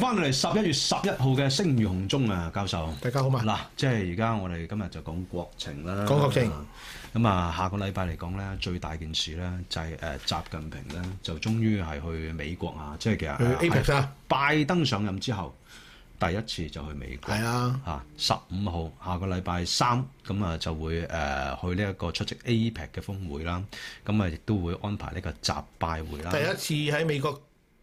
翻嚟十一月十一號嘅聲如洪鐘啊，教授。大家好嘛？嗱，即係而家我哋今日就講國情啦。講國情。咁啊，啊，下個禮拜嚟講咧，最大件事咧就係誒習近平咧，就終於係去美國啊！即係其實。去 APEC 啊！拜登上任之後，第一次就去美國。係啊！嚇、啊，十五號下個禮拜三，咁啊就會誒去呢一個出席 APEC 嘅峰會啦。咁啊亦都會安排呢個習拜會啦。第一次喺美國。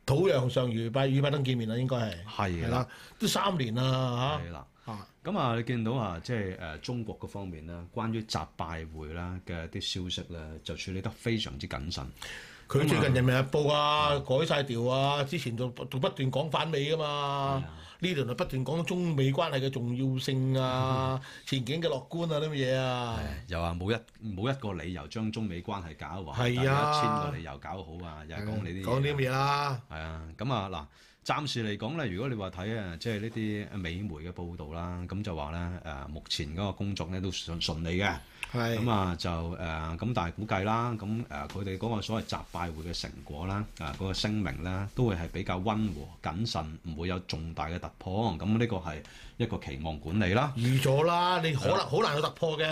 土洋上遇拜與拜登見面啦，應該係係啦，的的都三年啦嚇。咁的啊，你見到啊，即係誒中國嗰方面啦，關於習拜會啦嘅啲消息咧，就處理得非常之謹慎。佢他 麼最近人民日報啊，的改晒調啊，之前仲不斷講反美㗎嘛。呢度就不斷講中美關係嘅重要性啊，嗯、前景嘅樂觀啊啲咁嘢啊，嗯、又話冇一冇一個理由將中美關係搞壞，但啊，但一千個理由搞好啊，又係講你啲講啲咩啦，係、嗯、啊，咁啊嗱。嗯。暫時嚟講咧，如果你話睇啊，即係呢啲美媒嘅報道啦，咁就話咧誒，目前嗰個工作咧都順順利嘅，咁啊的就誒，咁、呃、但係估計啦，咁誒佢哋嗰個所謂習拜會嘅成果啦，啊、呃、嗰、嗰個聲明咧，都會係比較溫和謹慎，唔會有重大嘅突破，咁呢個係。一個期望管理啦，預咗啦，你可能好難有突破嘅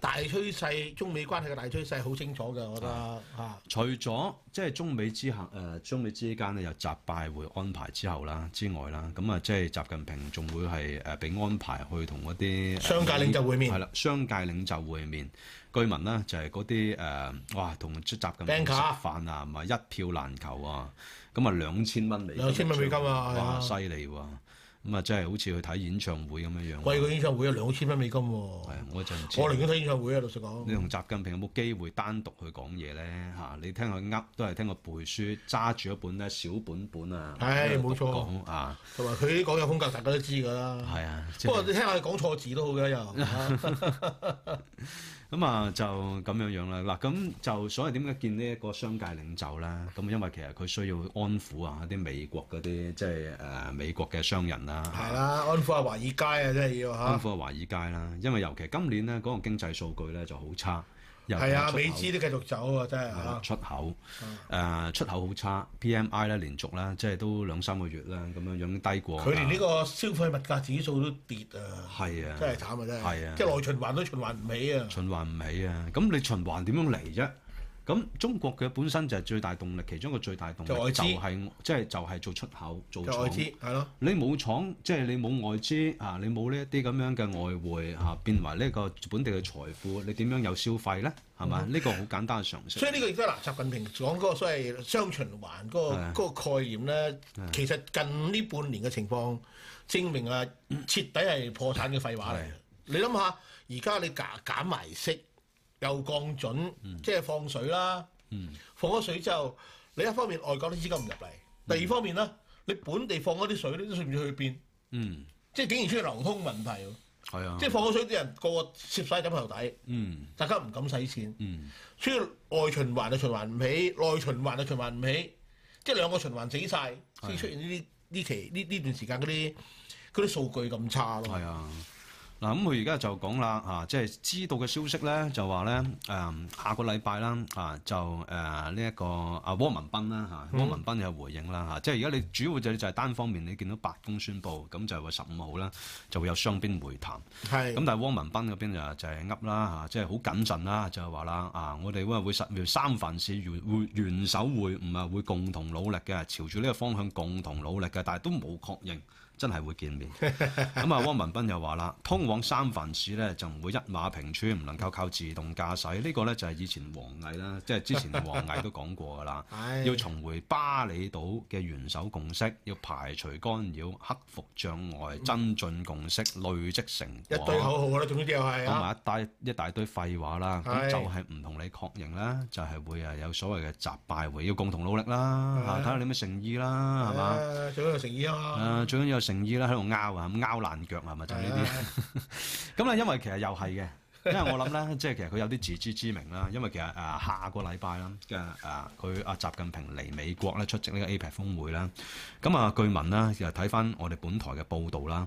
大趨勢，中美關係嘅大趨勢好清楚嘅，我覺得嚇。除咗即係中美之行，誒中美之間咧有習拜會安排之後啦，之外啦，咁啊即係習近平仲會係誒俾安排去同嗰啲商界領袖會面。係啦，商界領袖會面，據聞啦，就係嗰啲誒哇，同出習近平食飯。唔係一票難求啊，咁啊兩千蚊美兩千蚊美金啊，哇犀利喎！咁啊，真係好似去睇演唱會咁樣樣。喂，個演唱會有兩千蚊美金喎。我真係。我寧願睇演唱會啊，老實講。你同習近平有冇機會單獨去講嘢咧？嚇，你聽佢噏都係聽個背書，揸住一本咧小本本啊。係，冇錯。啊，同埋佢講嘅風格大家都知㗎啦。係啊。不過你聽下佢講錯字都好嘅又。咁啊，就咁樣樣啦。嗱，咁就所謂點解見呢一個商界領袖啦？咁因為其實佢需要安撫啊啲美國嗰啲即係誒美國嘅商人啦。係啦、啊，安撫下華爾街啊，真係要嚇。啊、安撫下華爾街啦、啊，因為尤其今年咧嗰、嗰個經濟數據咧就好差。係啊，美資都繼續走啊，真係嚇、啊呃。出口誒，出口好差，PMI 咧連續啦，即係都兩三個月啦，咁樣已經低過。佢連呢個消費物價指數都跌啊，係啊，真係慘啊，真係。係啊，即係、啊啊、內循環都循環唔起啊。循環唔起啊，咁你循環點樣嚟啫？咁中國嘅本身就係最大動力，其中一個最大動力就係即係就係、就係就係、做出口、做外資，係咯、就係。你冇廠，即係你冇外資啊！你冇呢一啲咁樣嘅外匯嚇、啊，變為呢個本地嘅財富，你點樣有消費咧？係嘛？呢、嗯、哼個好簡單嘅常識。所以呢個亦都嗱，習近平講嗰個所謂雙循環嗰、嗰個、的個概念咧，的其實近呢半年嘅情況證明啊，徹底係破產嘅廢話嚟。你諗下，而家你減減埋息。的又降準，即係放水啦。嗯、放咗水之後，你一方面外國啲資金唔入嚟，嗯、第二方面咧，你本地放嗰啲水都算唔知去邊。嗯，即係竟然出現流通問題。係啊、哎呀，即係放咗水啲人個個攝曬枕頭底。嗯，大家唔敢使錢。嗯，所以外循環就循環唔起，內循環就循環唔起，即係兩個循環死晒，先出現呢啲呢期呢呢段時間嗰啲啲數據咁差咯。係啊、哎呀。哎嗱，咁佢而家就講啦，嚇，即係知道嘅消息咧，就話咧，誒，下個禮拜啦，啊，就誒、是、呢一、呃、個阿汪、啊呃這個啊、文斌啦，嚇、啊，汪文斌有回應啦，嚇、嗯，即係而家你主要就就係單方面，你見到白宮宣布，咁就話十五號啦，就會有雙邊會談，係是，咁但係汪文斌嗰邊就就係呃啦，嚇，即係好謹慎啦，就係話啦，啊，我哋會會實三藩市會元首會唔係會共同努力嘅，朝住呢個方向共同努力嘅，但係都冇確認。真係會見面。咁啊，汪文斌又話啦， 通往三藩市咧就唔會一馬平川，唔能夠靠，靠自動駕駛。呢、這個咧就係以前王毅啦，即係之前王毅都講過噶啦。 要重回巴厘島嘅元首共識，要排除干擾，克服障礙，增進共識，累積成果。一堆口號啦，總之又係講埋一堆一大堆廢話啦。咁 就係唔同你確認啦，就係、是、會啊有所謂嘅習拜會，要共同努力啦。睇下、 啊、你咩誠意啦，係嘛？啊、 最緊要誠意啊最緊要。 成衣啦，喺度拗啊，咁拗爛腳啊，咪就係呢啲。咁咧，因為其實又係嘅， 因為我諗咧，即係其實佢有啲自知之明啦。因為其實啊，下個禮拜啦嘅啊，佢阿習近平嚟美國咧出席呢個 APEC 峯會啦。咁啊，據聞咧，其實睇翻我哋本台嘅報導啦，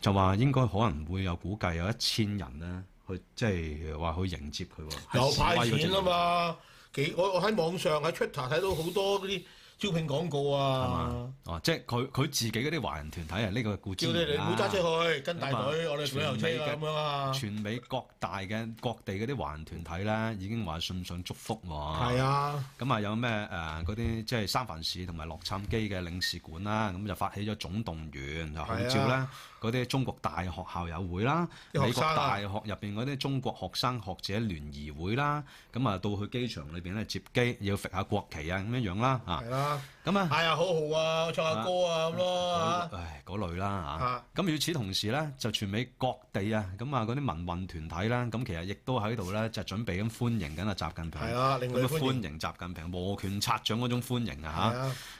就話應該可能會有估計有一千人咧，去即係話去迎接佢喎。有派錢啊嘛？幾我我喺網上喺 Twitter 睇到好多啲。招聘廣告啊！哦、啊，即係佢佢自己嗰啲華人團體啊，呢個固資啦。叫你唔好揸出去，跟大隊，說我哋旅遊車咁、啊、樣啊！傳俾各大嘅各地嗰啲華人團體咧，已經話送上祝福喎。係啊！咁啊，有咩誒嗰啲即係三藩市同埋洛杉磯嘅領事館啦、啊，咁就發起咗總動員，就號召咧嗰啲中國大學校友會啦、啊、啊、美國大學入邊嗰啲中國學生學者聯誼會啦、啊，咁啊到去機場裏邊咧接機，要揈下國旗啊咁樣樣啦啊！咁、嗯哎、啊，係的啊，好豪那類啊，唱下歌啊咁咯唉，嗰類啦嚇。咁與此同時咧，就全美各地啊，咁啊嗰啲民運團體啦，咁其實亦都喺度咧，就是、準備咁歡迎緊啊習近平。係啊，歡迎，歡迎習近平，摩拳擦掌嗰種歡迎啊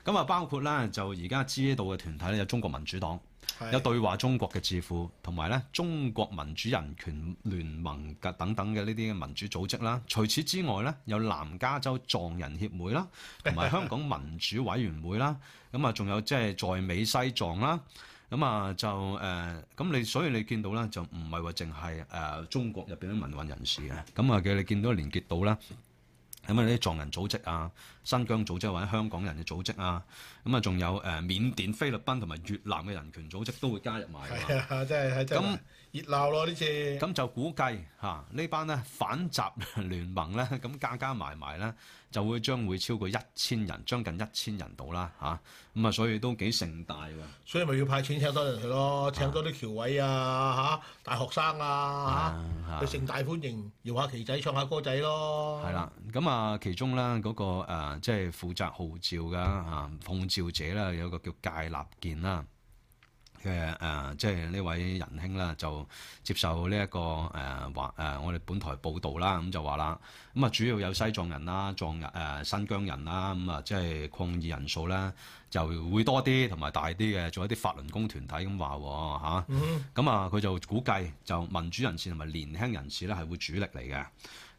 嚇。咁的啊，包括咧就而家知道嘅團體咧，有中國民主黨。有對話中國嘅智庫，同埋咧中國民主人權聯盟嘅等等嘅呢啲民主組織啦。除此之外咧，有南加州藏人協會啦，同埋香港民主委員會啦。咁啊，仲有即係在美西藏啦。咁啊，就誒咁你，所以你見到咧，就唔係話淨係誒中國入邊啲民運人士啊。咁啊嘅，你見到連結到啦。咁啊啲藏人組織啊、新疆組織或者香港人嘅組織啊，咁啊仲有誒緬甸、菲律賓同埋越南嘅人權組織都會加入埋，係、啊、真係真係熱鬧咯呢次。咁就估計吓、啊、呢班咧反習聯盟咧，咁加加埋埋咧。就會將會超過一千人，將近一千人到啦嚇，咁啊所以都幾盛大喎。所以咪要派錢請多人去咯，啊、請多啲僑委啊嚇、啊，大學生啊嚇，去盛大歡迎，搖下旗仔，唱下歌仔咯。係啦、啊，咁啊其中啦嗰、那個即係、呃就是、負責號召嘅啊，號召者啦，有一個叫界立建啦。嘅誒、呃，即係呢位仁兄啦，就接受呢、這、一個誒話誒，我哋本台報導啦，咁、嗯、就話啦，咁啊主要有西藏人啦、藏人誒、呃、新疆人啦，咁、嗯、啊即係抗議人數咧就會多啲，同埋大啲嘅，仲有啲法輪功團體咁話嚇，咁啊佢就估計就民主人士同埋年輕人士咧係會主力嚟嘅。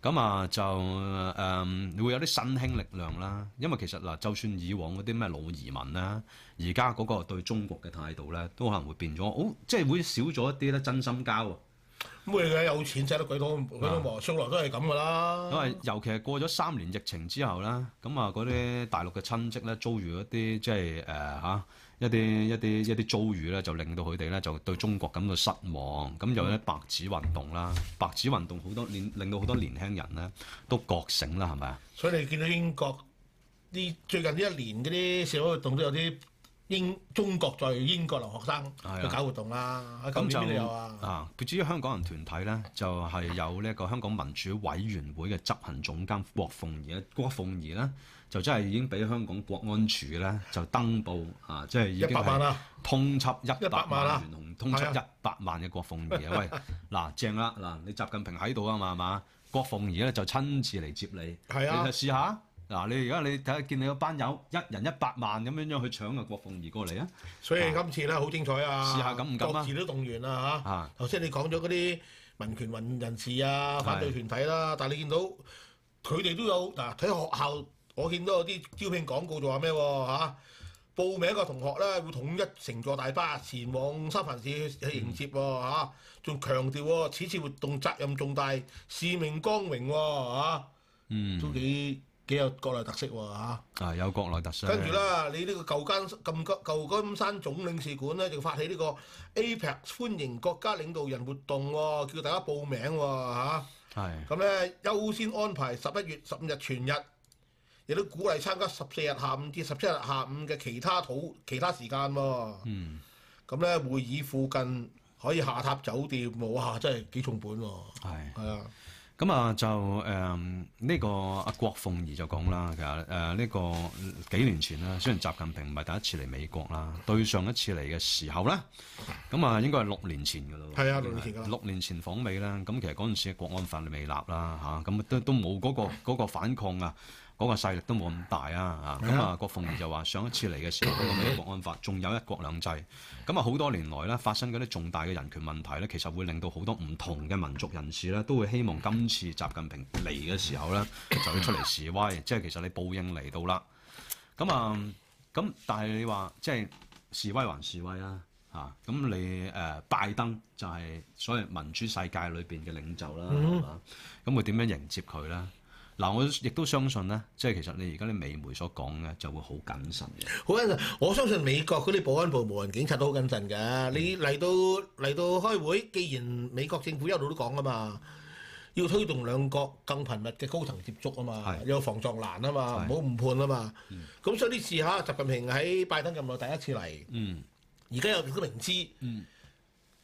咁啊、嗯、就你、嗯、會有啲新興力量啦，因為其實嗱，就算以往嗰啲咩老移民啦，而家嗰個對中國嘅態度咧，都可能會變咗，好、哦、即係會少咗一啲咧真心交。咁佢哋有錢，使得鬼多，鬼多磨，向來都係咁噶啦。因為、嗯、尤其係過咗三年疫情之後咧，咁啊嗰啲大陸嘅親戚咧遭遇一啲即係誒嚇。呃一啲一啲一啲遭遇咧，就令到佢哋咧就對中國感到失望，咁就咧白紙運動啦，白紙運動好多令令到好多年輕人咧都覺醒啦，係咪啊？所以你見到英國啲最近呢一年嗰啲社會活動都有啲英中國在英國留學生去搞活動啦，咁、啊啊啊、就錢邊度啊？啊，至於香港人團體咧，就係、是、有呢一個香港民主委員會嘅執行總監郭鳳儀，郭鳳儀啦。就真係已經俾香港國安處咧，就登報啊！即係已經啦，通緝一百萬嗯嗯嗯嗯啊，通緝一百萬嘅郭鳳儀啊！喂，嗱正啦，嗱你習近平喺度啊嘛，係、啊、嘛？郭鳳儀咧就親自嚟接你，係啊，試下嗱，你而家你睇下，你見你嗰班友一人一百萬咁樣樣去搶國啊，郭鳳儀過嚟啊！所以今次咧好精彩啊！試下敢唔敢啊？各自都動員啦嚇、啊。頭、啊、先 你講咗嗰啲民權運人士啊、反對團體啦、啊，但係你見到佢哋都有嗱，喺學校。啊啊我見到有啲招聘廣告仲話咩喎嚇？報名嘅同學咧會統一乘坐大巴前往三藩市去迎接喎、啊、仲、嗯、強調、啊、此次活動責任重大，使命光榮喎、啊、嗯，都幾幾有國內特色喎、啊、嚇、啊。有國內特色。跟住啦，的你呢個舊金山舊金山總領事館咧就發起呢個 APEC 歡迎國家領導人活動喎、啊，叫大家報名喎、啊、嚇。咁咧的，優先安排十一月十五日全日。亦都鼓勵參加十四日下午至十七日下午嘅其他土其他時間喎。嗯，咁咧、嗯、會議附近可以下榻酒店冇下、啊、真係幾重本喎。係啊，咁是啊就誒呢、嗯呢個阿郭、啊、鳳儀就講啦。其實誒呢、啊呢個幾年前啦，雖然習近平唔係第一次嚟美國啦，對上一次嚟嘅時候咧，咁啊應該係六年前嘅咯。係啊，是六年前六年前訪美啦。咁其實嗰陣時國安法未立啦，嚇、啊、咁都都冇嗰、嗰個嗰、嗰個反抗啊。嗰個勢力都冇咁大啊！啊的，咁啊，郭鳳儀就話上一次嚟嘅時候，嗰、那個《美國國安法》仲有一國兩制。咁啊，好多年來咧，發生嗰啲重大嘅人權問題咧，其實會令到好多唔同嘅民族人士咧，都會希望今次習近平嚟嘅時候咧，就會出嚟示威。即係其實你報應嚟到啦。咁啊，咁但係你話即係示威還示威啦、啊？啊，咁你誒、呃、拜登就係所謂民主世界裏邊嘅領袖啦，係嘛？咁、mm hmm. 會點樣迎接佢咧？嗱，我亦都相信咧，即係其實你而家啲美媒所講嘅就會好謹慎嘅。好謹慎，我相信美國嗰啲保安部門、無人警察都好謹慎㗎。嗯、你嚟到嚟到開會，既然美國政府一路都講㗎嘛，要推動兩國更頻密嘅高層接觸啊嘛，是有防撞欄啊嘛，唔好是誤判啊嘛。咁、嗯、所以呢次吓習近平喺拜登咁耐第一次嚟，而家、嗯、又都明知，嗯、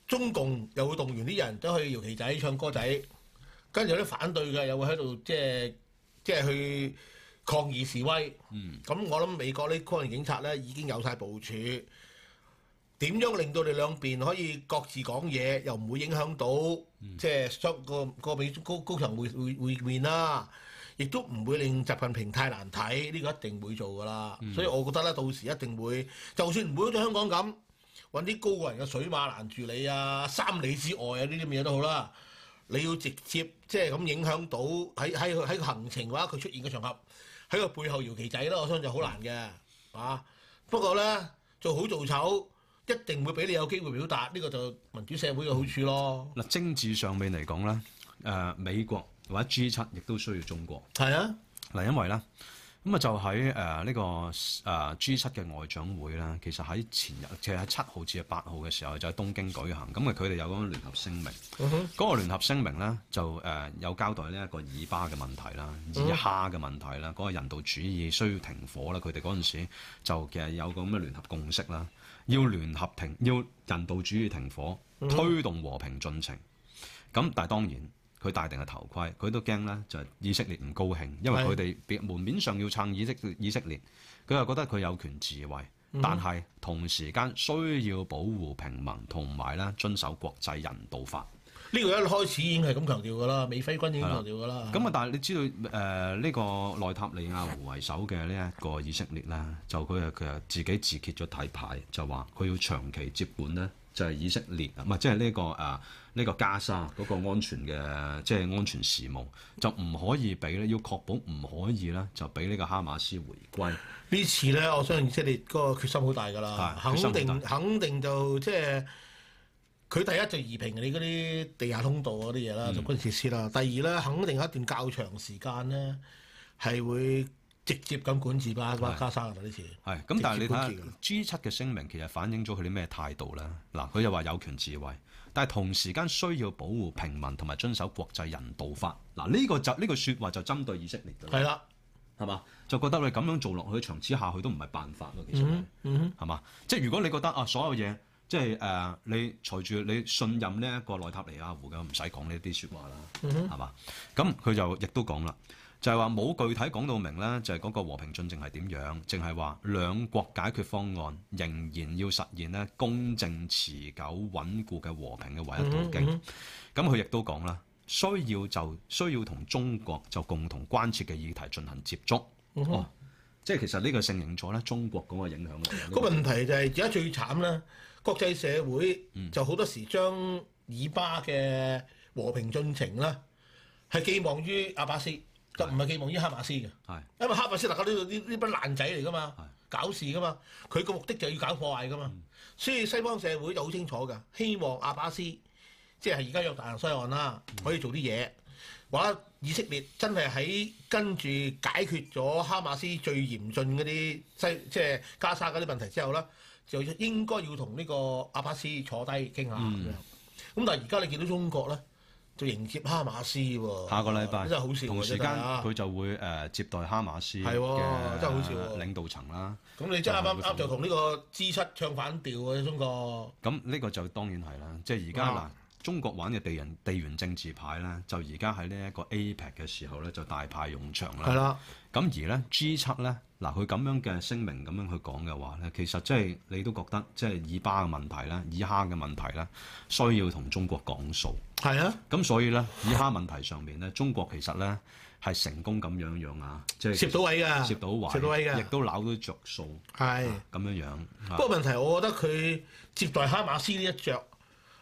中共又會動員啲人都去搖旗仔、唱歌仔，跟住有啲反對嘅又會喺度即係。即係去抗議示威，咁、嗯、我諗美國呢方面警察咧已經有晒部署，點樣令到你兩邊可以各自講嘢，又唔會影響到、嗯、即係個個美高高層會會會面啦、啊，亦都唔會令習近平太難睇，呢、這個一定會做噶啦，嗯、所以我覺得咧到時一定會，就算唔會好似香港咁揾啲高過人嘅水馬攔住你啊，三里之外啊呢啲咁嘢都好啦。你要直接即係咁影響到喺喺喺行程嘅話，佢出現嘅場合喺個背後搖旗仔咧，我相信就好難嘅，嗯、啊！不過咧，做好做醜一定會俾你有機會表達，呢、這個就民主社會嘅好處咯。嗱、嗯，政治上面嚟講咧，誒、呃，美國或者 G 七亦都需要中國。係啊，嗱，因為咧。咁啊，就喺誒呢個誒、呃、G 七嘅外長會啦，其實喺前日，即係喺七號至係八號嘅時候，就喺東京舉行。咁啊，佢哋有個聯合聲明。嗰、嗯、哼個聯合聲明咧，就誒、呃、有交代呢一個以巴嘅問題啦、以哈嘅問題啦，嗰、嗯、哼個人道主義需要停火啦。佢哋嗰陣時就其實有個咁嘅聯合共識啦，要聯合停，要人道主義停火，推動和平進程。咁、嗯、哼但係當然。佢戴定個頭盔，佢都驚咧，就係、是、以色列唔高興，因為佢哋門面上要撐以色以色列，佢又覺得佢有權自衛，但係同時間需要保護平民同埋咧遵守國際人道法。呢、嗯、個一開始已經係咁強調噶啦，美菲軍已經強調噶啦。咁啊的，的但係你知道誒呢、呃這個內塔尼亞胡為首嘅呢一個以色列咧，就佢啊佢啊自己自揭咗底牌，就話佢要長期接管呢，就係、是、以色列啊，唔係即係呢個啊。呃呢個加沙嗰個安全嘅，即係安全事務，就唔可以俾咧，要確保唔可以咧，就俾呢個哈馬斯回歸。呢次咧，我相信即係你嗰個決心好大㗎啦，的肯定肯定就即係佢第一就移平你嗰啲地下通道嗰啲嘢啦，軍事設施啦。第二咧，肯定一段較長時間咧係會直接咁管治巴巴加沙㗎啦。呢的次係。咁但係你睇下 G 七嘅聲明，其實反映咗佢啲咩態度咧？嗱，佢又話有權自衞。但係同時間需要保護平民同埋遵守國際人道法，嗱呢、這個就呢句説話就針對以色列。係啦，係嘛？就覺得你咁樣做落去長此下去都唔係辦法咯，其實，係嘛？即係如果你覺得啊所有嘢即係誒、呃、你隨住你信任呢一個內塔尼亞胡嘅，唔使講呢啲説話啦，係嘛、嗯哼？咁佢就亦都講啦。就係話冇具體講到明咧，就係嗰個和平進程係點樣？淨係話兩國解決方案仍然要實現咧，公正、持久、穩固嘅和平嘅唯一途徑。咁佢亦都講啦，需要就需要同中國就共同關切嘅議題進行接觸。嗯嗯嗯 oh, 即係其實個性呢個承認咗咧，中國嗰個影響力個問題就係而家最慘啦。國際社會就好多時將以巴嘅和平進程啦，係寄望於阿巴斯。就唔係寄望於哈馬斯嘅，因為哈馬斯嗱，佢呢度呢呢班爛仔嚟噶嘛，的搞事噶嘛，佢個目的就要搞破壞噶嘛。嗯、所以西方社會就好清楚嘅，希望阿巴斯即係而家約旦河西岸啦，嗯、可以做啲嘢。話以色列真係喺跟住解決咗哈馬斯最嚴峻嗰啲西即係、就是、加沙嗰啲問題之後咧，就應該要同呢個阿巴斯坐低傾下咁樣。咁、嗯、但係而家你見到中國咧？就迎接哈馬斯喎，下個禮拜真係好事。同時間佢、啊、就會誒、呃、接待哈馬斯好少，領導層啦。咁、啊、你即係啱啱就同呢個 G 七唱反調嘅、啊、中國咁呢個就當然係啦。即係而家嗱，啊、中國玩嘅地人地緣政治牌咧，就而家喺呢一個 APEC 嘅時候咧，就大派用場啦。係啦、啊，咁而咧 G 七咧嗱，佢咁樣嘅聲明咁樣去講嘅話咧，其實即係你都覺得即係以巴嘅問題啦，以哈嘅問題啦，需要同中國講數。係啊，咁所以咧，以哈問題上面咧，中國其實咧係成功咁樣樣啊，即係攝到位㗎，攝到位，亦都攪到着數，係咁樣樣。不過問題，我覺得佢接待哈馬斯呢一隻，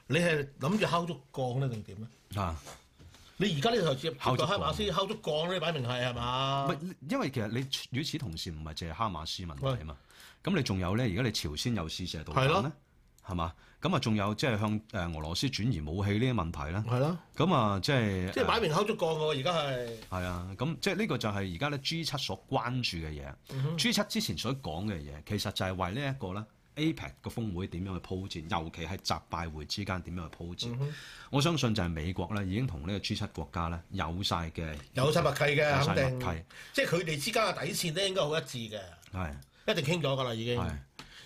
你係諗住敲竹槓咧，定點咧？啊！你而家呢個接，先接哈馬斯，敲竹槓咧，擺明係係嘛？唔因為其實你與此同時唔係淨係哈馬斯問題啊嘛，咁你仲有咧？而家你朝鮮有試射導彈咧？係嘛？咁啊，仲有即係向誒俄羅斯轉移武器呢啲問題啦。係咯。咁啊，即係即係擺明口足槓嘅喎，而家係係啊。咁即係呢個就係而家咧 G 七所關注嘅嘢。G 七之前所講嘅嘢，其實就係為呢一個咧 APEC 嘅峯會點樣去鋪設，尤其係習拜會之間點樣去鋪設。我相信就係美國咧已經同呢個 G 七國家咧有晒嘅有曬默契嘅，肯定默契，即係佢哋之間嘅底線咧應該好一致嘅，係一定傾咗㗎啦，已經。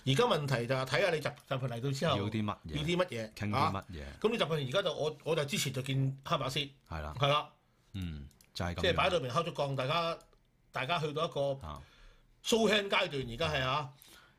而家問題就係睇下你習，習近平嚟到之後要啲乜嘢？要啲乜嘢？傾啲乜嘢？咁你、啊、習近平而家就我我就之前就見哈馬斯，係啦的，係啦的，嗯，就係、是、咁。即係擺到明敲咗槓大家，大家去到一個 show hand 階段，而家係啊。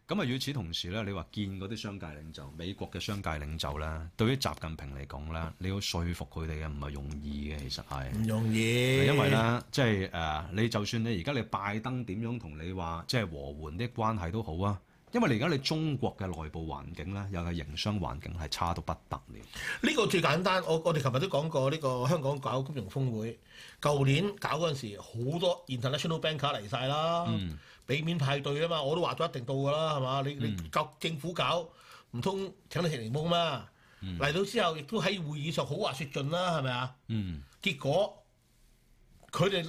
咁啊，與此同時咧，你話見嗰啲商界領袖，美國嘅商界領袖咧，對於習近平嚟講咧，你要說服佢哋嘅唔係容易嘅，其實係唔容易。因為咧，即係誒，你就算你而家你拜登點樣同你話，即、就、係、是、和緩啲關係都好啊。因為而家你中國嘅內部環境咧，又係營商環境係差到不得了。呢個最簡單，我我哋琴日都講過呢、呢個香港搞金融峰會，舊年搞嗰陣時好多 international banker 嚟晒啦，俾、嗯、面派對啊嘛，我都話咗一定到噶啦，係嘛？你、嗯、你搞政府搞，唔通請你食檸檬嘛？嚟到、嗯、之後亦都喺會議上好話説盡啦，係咪啊？嗯、結果佢哋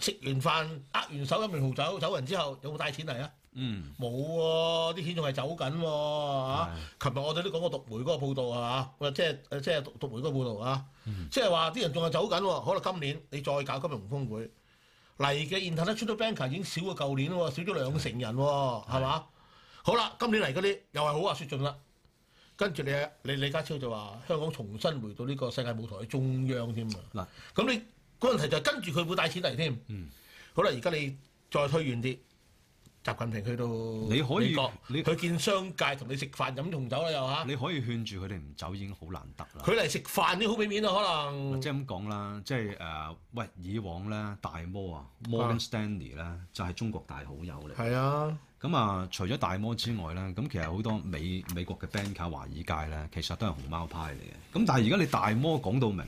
食完飯，握完手飲完紅酒，走人之後有冇帶錢嚟啊？嗯，冇喎、啊，啲錢仲係走緊、啊、喎，嚇的！琴日我哋都講過讀媒嗰個報道啊，嚇、啊！即係即係讀媒嗰個報道啊，即係話啲人仲係走緊、啊、喎。可能今年你再搞金融峰會嚟嘅 international banker 已經少過舊年喎、啊，的少咗兩成人喎、啊，係嘛的的？好啦，今年嚟嗰啲又係好話説盡啦。跟住你，你李家超就話香港重新回到呢個世界舞台嘅中央添啊！嗱的，咁你嗰個問題就係跟住佢會帶錢嚟添、嗯。好啦，而家你再推遠啲。習近平去到你可以美國，佢見商界你你同你食飯飲紅酒啦，又嚇。你可以勸住佢哋唔走，已經好難得啦。佢嚟食飯都好俾面咯，可能即係咁講啦。即係誒、呃、喂，以往咧大摩啊 Morgan Stanley 咧就係中國大好友嚟。係啊，咁啊，除咗大摩之外咧，咁其實好多美美國嘅 banker 華爾街咧，其實都係熊貓派嚟嘅。咁但係而家你大摩講到明。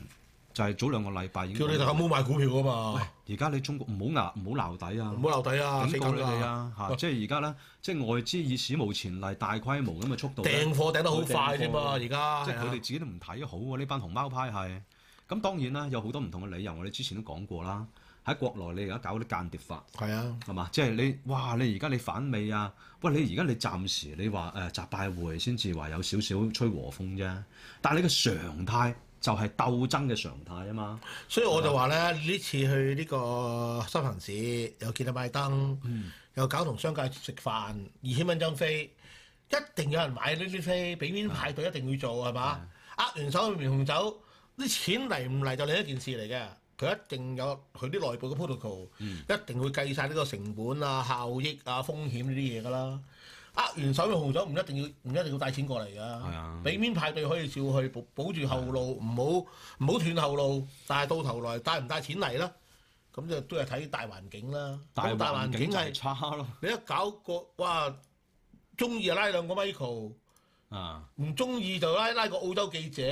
就係早兩個禮拜已經叫你大家唔好買股票啊嘛！而家你中國唔好牙唔好鬧底啊！唔好鬧底啊！警告你啊！嚇喂，即係而家咧，即係外資以史無前例大規模咁嘅速度掟貨掟得好快啫嘛！而家在即係佢哋自己都唔睇好啊！呢班熊貓派係咁，當然啦，有好多唔同嘅理由。我哋之前都講過啦，喺國內你而家搞啲間諜法係啊，係嘛？即係你哇！你而家你反美啊？喂！你而家你暫時你話誒習拜會先至話有少少吹和風啫，但係你嘅常態。就係鬥爭嘅常態啊嘛，所以我就話咧呢、啊、次去呢個新行市，又見到拜登，嗯、又搞同商界食飯，二千蚊張飛，一定有人買呢啲飛，俾面派對一定要做係嘛？握完手攞瓶紅酒，啲錢嚟唔嚟就另一件事嚟嘅，佢一定有佢啲內部嘅 protocol，、嗯、一定會計晒呢個成本啊、效益啊、風險呢啲嘢㗎啦。呃完手用紅酒唔一定要唔一定要帶錢過嚟噶，俾面的派對可以照去，保保住後路，唔好唔好斷後路，但係到頭來帶唔帶錢嚟啦，咁就都係睇大環境啦。大環境係差咯，就是、 你一搞個哇，中意就拉兩個 Michael，唔中意就拉拉個澳洲記者。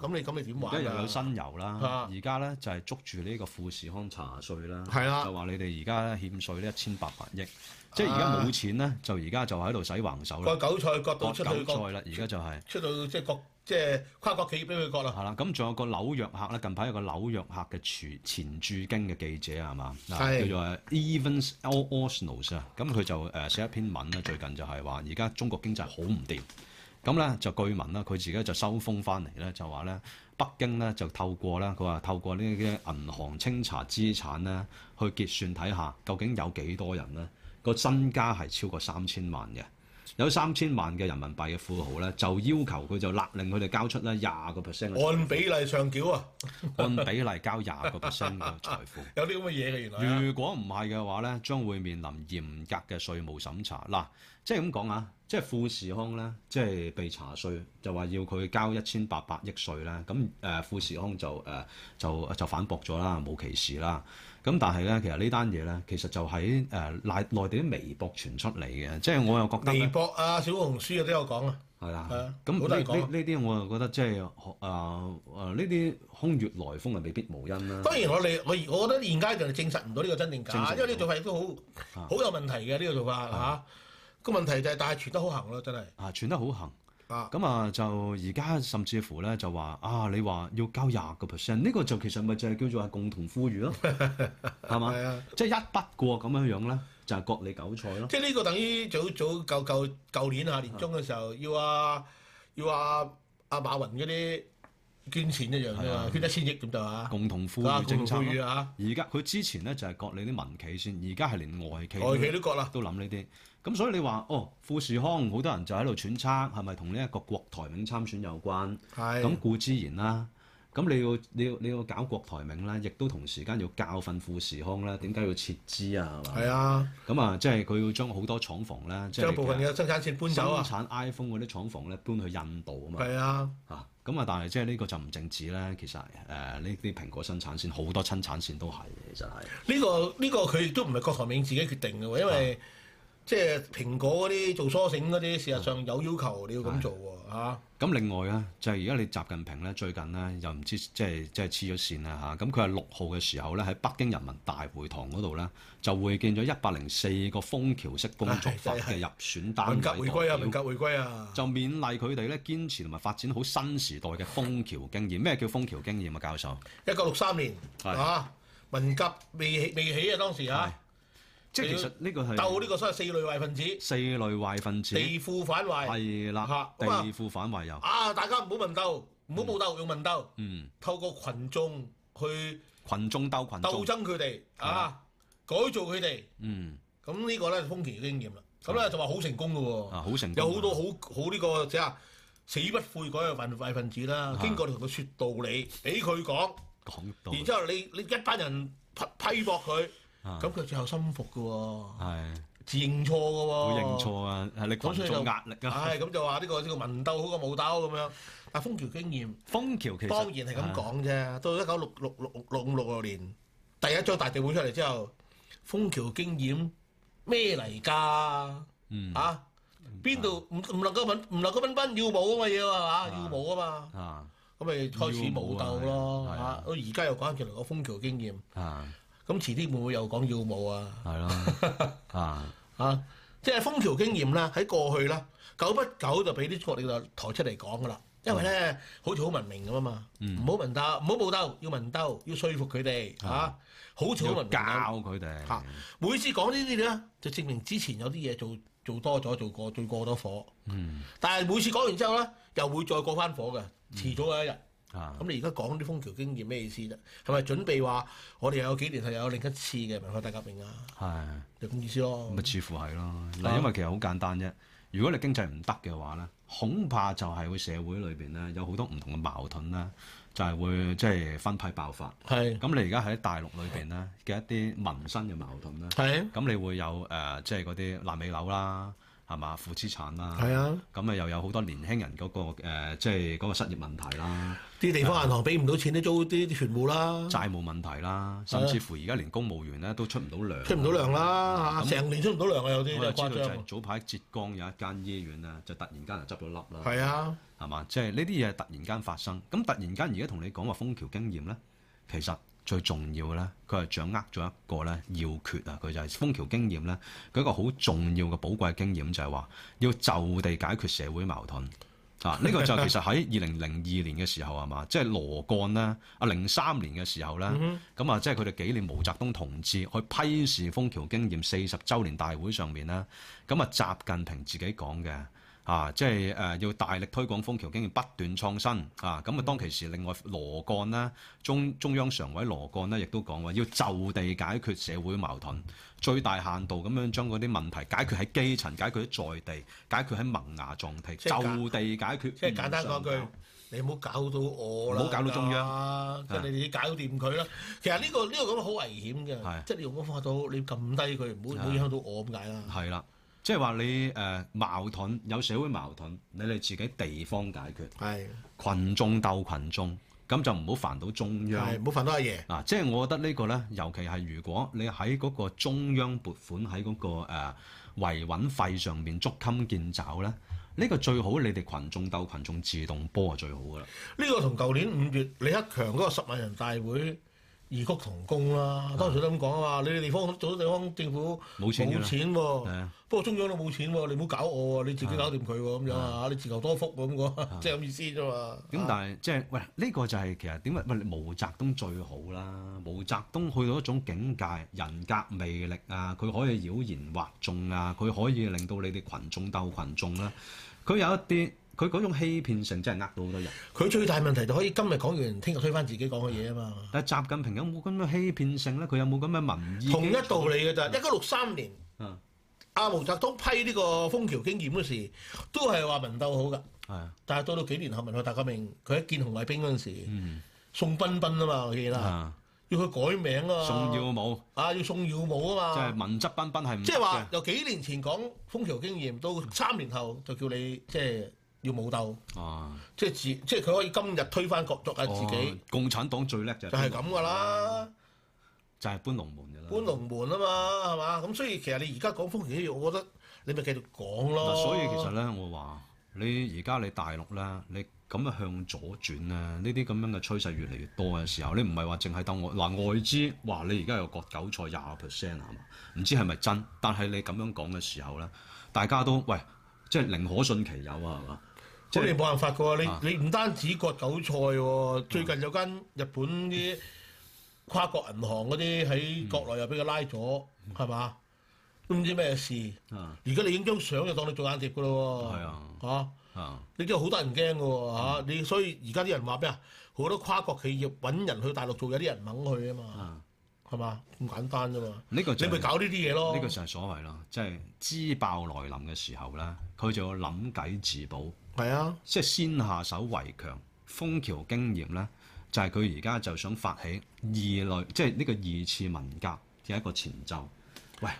咁、嗯、你咁你點玩而家又有新油啦，而家咧就係捉住呢個富士康查稅啦。係啦、啊啊，就話你哋而家欠稅呢一千八百億，即係而家冇錢咧，就而家就喺度洗橫手啦。個韭菜割到出韭菜啦，而家割就係、是、出到即係國即係跨國企業俾佢割啦。係啦，咁仲有、嗯、個紐約客咧，近排有個紐約客嘅前前駐京嘅記者係嘛，叫做 Evan Osnos 啊是，咁佢、e、就誒寫一篇文啦，最近就係話而家中國經濟好唔掂。咁咧就據聞啦，佢自己就收風翻嚟咧，就話咧北京咧就透過咧，佢話透過呢啲銀行清查資產咧，去結算睇下究竟有幾多人咧個身家係超過三千萬嘅，有三千萬嘅人民幣嘅富豪咧，就要求佢就勒令佢哋交出咧廿個 percent。按比例上繳啊！ 按比例交廿個 percent 嘅財富。 有啲咁嘅嘢原來。如果唔係嘅話咧，將會面臨嚴格嘅稅務審查嗱。即係咁講啊！即係富士康咧，即係被查稅，就話要佢交一千八百億稅啦。咁誒，富士康就誒、呃、就就反駁咗啦，冇歧視啦。咁但係咧，其實呢單嘢咧，其實就喺誒內內地啲微博傳出嚟嘅。即係我又覺得微博啊，小紅書啊都有講啊，係啦的，係啊的，咁呢呢呢啲我又覺得即係啊啊呢啲空穴來風啊，未必無因啦。當然我哋，我的我覺得現階段證實唔到呢個真定假，因為呢個做法亦都好好有問題嘅呢個做法嚇。個問題就係、是，但係傳得好行咯，真係啊，傳得好行啊。咁啊，就而家甚至乎咧，就話啊，你話要交廿個 percent 呢個就其實咪就係叫做共同富裕咯，係嘛？即係一筆過咁樣樣咧，就係、是、割你韭菜咯。即係呢個等於早早，早舊舊舊年，年啊，年中嘅時候要啊要啊阿馬雲嗰啲捐錢一樣㗎嘛，啊、捐一千億咁就啊共同富裕政策啊。而家佢之前咧就係割你啲民企先，而家係連外企外企、哦、都割啦，都諗呢啲。咁所以你話哦，富士康好多人就喺度揣測，係咪同呢一個郭台銘參選有關？係的。咁固之然啦，咁你要你要你要搞郭台銘啦，亦都同時間要教訓富士康啦，點解要撤資啊？係嘛的？係啊的。咁啊，即係佢要將好多廠房啦，即將部分嘅生產線搬走啊。生產 iPhone 嗰啲廠房咧，搬去印度啊嘛。係啊的。嚇！咁啊，但係即係呢個就唔淨止啦。其實誒，呢、呃、啲蘋果生產線好多生產線都係，其實係。呢、這個呢、這個佢亦都唔係郭台銘自己決定嘅因為。即係蘋果嗰啲做疏醒嗰啲，事實上有要求你要咁做喎、啊、咁、哎、另外咧，就係而家你習近平咧，最近咧又唔知即係即係黐咗線啦、啊、嚇。咁佢係六號嘅時候咧，喺北京人民大會堂嗰度咧，就會見咗一百零四個楓橋式工作法嘅入選單位、哎。文革回歸啊，文革回歸啊，表歸啊，就勉勵佢哋咧，堅持同埋發展好新時代嘅楓橋經驗。咩叫楓橋經驗啊，教授？一九六三年嚇，文、啊、革未起未起啊當時啊。即係其實呢個係鬥呢個，所謂四類壞分子。四類壞分子。地富反壞係啦。嚇！地富反壞又。啊！大家唔好問鬥，唔好報鬥，用文鬥。嗯。透過群眾去群眾鬥群鬥爭佢哋啊，改造佢哋。嗯。咁呢個咧係楓橋嘅經驗啦。咁咧就話好成功嘅喎。啊！好成功。有好多好好呢個即係死不悔改嘅壞壞分子啦。經過同佢説道理，俾佢講。講道理。然之後你你一班人批批駁佢。咁佢最後心服嘅喎，係認錯嘅喎，認錯啊！力嚟講出壓力啊！係咁就話呢個呢個文鬥好過武鬥咁樣。但楓橋經驗，楓橋其實當然係咁講啫。到一九六六六六六六年第一張大地圖出嚟之後，楓橋經驗咩嚟㗎？啊，邊度唔唔能夠揾唔能夠揾揾要武啊嘛要？喎嚇，要武啊嘛。啊，咁咪開始武鬥咯嚇。到而家又講緊嚟個楓橋經驗。啊。咁遲啲會唔會又講要武啊？係咯啊啊！即係楓橋經驗啦，喺過去啦，久不久就俾啲國力就抬出嚟講噶啦。因為咧，好似好文明咁啊嘛，唔好文鬥，唔好暴鬥，要文鬥，要説服佢哋嚇。好似好文明教佢哋嚇。每次講呢啲嘢咧，就證明之前有啲嘢做做多咗，做過，做過咗火。嗯。但係每次講完之後咧，又會再過翻火嘅，遲早有一日。咁你而家講啲楓橋經驗咩意思啫？係咪準備話我哋又有幾年係又有另一次嘅文化大革命啊？係、啊、就咁意思咯。咁啊，似乎係咯。嗱，因為其實好簡單啫。如果你經濟唔得嘅話咧，恐怕就係會社會裏邊咧有好多唔同嘅矛盾啦，就係會即係分批爆發。係、啊。咁你而家喺大陸裏邊咧嘅一啲民生嘅矛盾咧，係、啊。咁你會有誒，即係嗰啲爛尾樓啦。係嘛，負資產啦，咁啊又有好多年輕人嗰、那個即係嗰個失業問題啦。啲地方銀行俾唔到錢都、啊、租啲啲財務啦，債務問題啦，啊、甚至乎而家連公務員咧都出唔到糧，出唔到糧啦，成年出唔到糧啊！有啲有我係知道就係早排浙江有一間醫院咧，就突然間就執咗笠啦。係啊，係嘛、啊，即係呢啲嘢突然間發生。咁突然間而家同你講話楓橋經驗咧，其實。最重要咧，佢係掌握咗一個咧要訣啊！佢就係楓橋經驗咧，佢一個好重要嘅寶貴經驗就係話，要就地解決社會矛盾 啊！呢、這個就其實喺二零零二年嘅時候係嘛， 即係羅幹啦，啊零三年嘅時候咧，咁啊即係佢哋紀念毛澤東同志去批示「楓橋經驗」四十周年大會上面啦。咁啊習近平自己講嘅。啊，即係誒、呃、要大力推廣楓橋經驗，不斷創新啊！咁啊，當其時另外羅幹啦，中中央常委羅幹呢，亦都講話要就地解決社會矛盾，最大限度咁樣將嗰啲問題解決喺基層，解決喺在，在地，解決喺萌芽狀態，是就地解決解。即係簡單講句，你唔好搞到我啦。唔好搞到中央，你的你搞掂佢啦。其實呢、呢個呢、呢個咁好危險嘅，即係的你用方法到，你撳低佢，唔好好影響到我咁解啦。係啦的。的即係話你誒、呃、矛盾有社會矛盾，你哋自己地方解決。係的，羣眾鬥群眾，咁就唔好煩到中央，係，唔好煩到阿爺。嗱、啊，即係我覺得個呢個咧，尤其係如果你喺嗰個中央撥款喺嗰、那個誒、呃、維穩費上面捉襟見肘咧，呢、這個最好你哋群眾鬥群眾自動波就最好㗎啦。呢個同舊年五月李克強嗰個十萬人大會。異曲同工啦、啊，當時都咁講啊嘛。你哋地方，好多地方政府冇錢喎。錢啊、的不過中央都冇錢喎、啊，你唔好搞我喎、啊，你自己搞掂佢喎，咁的樣啊，你自求多福咁、啊、喎，即係咁意思啫嘛、啊。咁、嗯、但係即係喂，呢、這個就係、是、其實點解？喂，毛澤東最好啦、啊，毛澤東去到一種境界，人格魅力啊，佢可以妖言惑眾啊，佢可以令到你哋群眾鬥群眾啦、啊，佢有一啲。佢嗰種欺騙性真係呃到好多人。佢最大問題就可以今日講完，聽日推翻自己講嘅嘢啊嘛。但係習近平有冇咁嘅欺騙性咧？佢有冇咁嘅民意？同一道理嘅咋，一九六三年，阿、嗯啊、毛澤東批呢個楓橋經驗嗰時，都係話文鬥好嘅。係、嗯。但係到到幾年後，文化大革命，佢一見紅衛兵嗰陣時，宋彬彬啊嘛，我記得，嗯、要佢改名啊宋耀武。啊，要宋耀武啊嘛。即係文質彬彬係。即係話，由幾年前講楓橋經驗，到三年後就叫你即係。嗯要武鬥，啊、即係自即係佢可以今日推翻國足啊自己、哦。共產黨最叻就係、這個、就係咁噶啦，就係搬龍門啫。搬龍門啊嘛，係嘛？咁所以其實你而家講風險我覺得你咪繼續講咯。啊、所以其實咧，我話你而家你大陸咧，你咁啊向左轉咧，呢啲咁樣嘅趨勢越嚟越多嘅時候，你唔係話淨係當外嗱外資話你而家有割韭菜廿 percent 係嘛？唔知係咪真？但係你咁樣講嘅時候咧，大家都喂即係寧可信其有啊，係嘛？即係你冇辦法嘅喎，你你唔單止割韭菜喎，最近有間日本啲跨國銀行嗰啲喺國內又俾佢拉咗，係嘛？都唔知咩事。而家你影張相就當你做眼接嘅咯喎。係啊，嚇！你驚好多人驚嘅喎，嚇你，所以而家啲人話咩啊？好多跨國企業揾人去大陸做，有啲人唔肯去啊嘛。係嘛？咁簡單啫嘛。呢個你咪搞呢啲嘢咯。呢個就係所謂咯，即係知爆來臨嘅時候咧，佢就要諗計自保。係啊，即係先下手為強，楓橋經驗咧，就係佢而家就想發起二類，即係呢個二次文革嘅一個前奏。喂，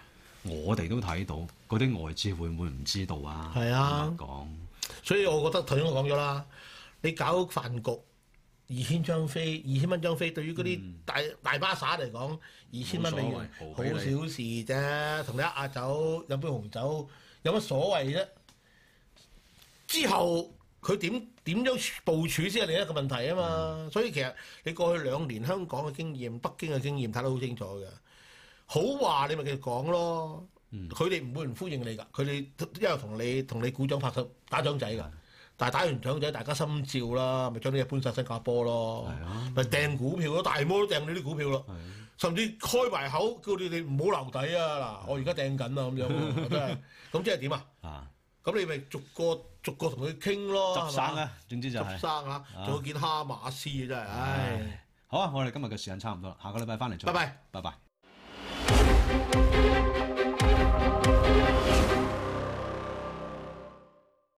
我哋都睇到嗰啲外資會唔會唔知道啊？係啊，講。所以我覺得頭先我講咗啦，你搞飯局二千張飛，二千蚊張飛，對於嗰啲大、嗯、大孖沙嚟講，二千蚊美元好小事啫，同你呷酒飲杯紅酒有乜所謂啫？之後佢點點樣部署先係另一個問題啊嘛，嗯、所以其實你過去兩年香港嘅經驗，北京嘅經驗睇得好清楚嘅。好話你咪繼續講咯，佢哋唔會唔歡迎你㗎，佢哋一路同你同你，你鼓掌拍手打掌仔㗎。是的 但係打完掌仔，大家心照啦，咪將啲嘢搬晒新加坡咯，咪掟是、啊、股票咯，大摩都掟你啲股票咯，是的 甚至開埋口叫你哋唔好留底啊！嗱、啊，我而家掟緊啊咁樣，咁 即係點啊？咁你咪逐個逐個同佢傾咯，係嘛？執生啊，是吧總之就執、是、生啊，做件、啊、哈馬斯啊真係，唉！哎、好啊，我哋今日嘅時間差唔多啦，下個禮拜返嚟再講，拜拜，拜拜。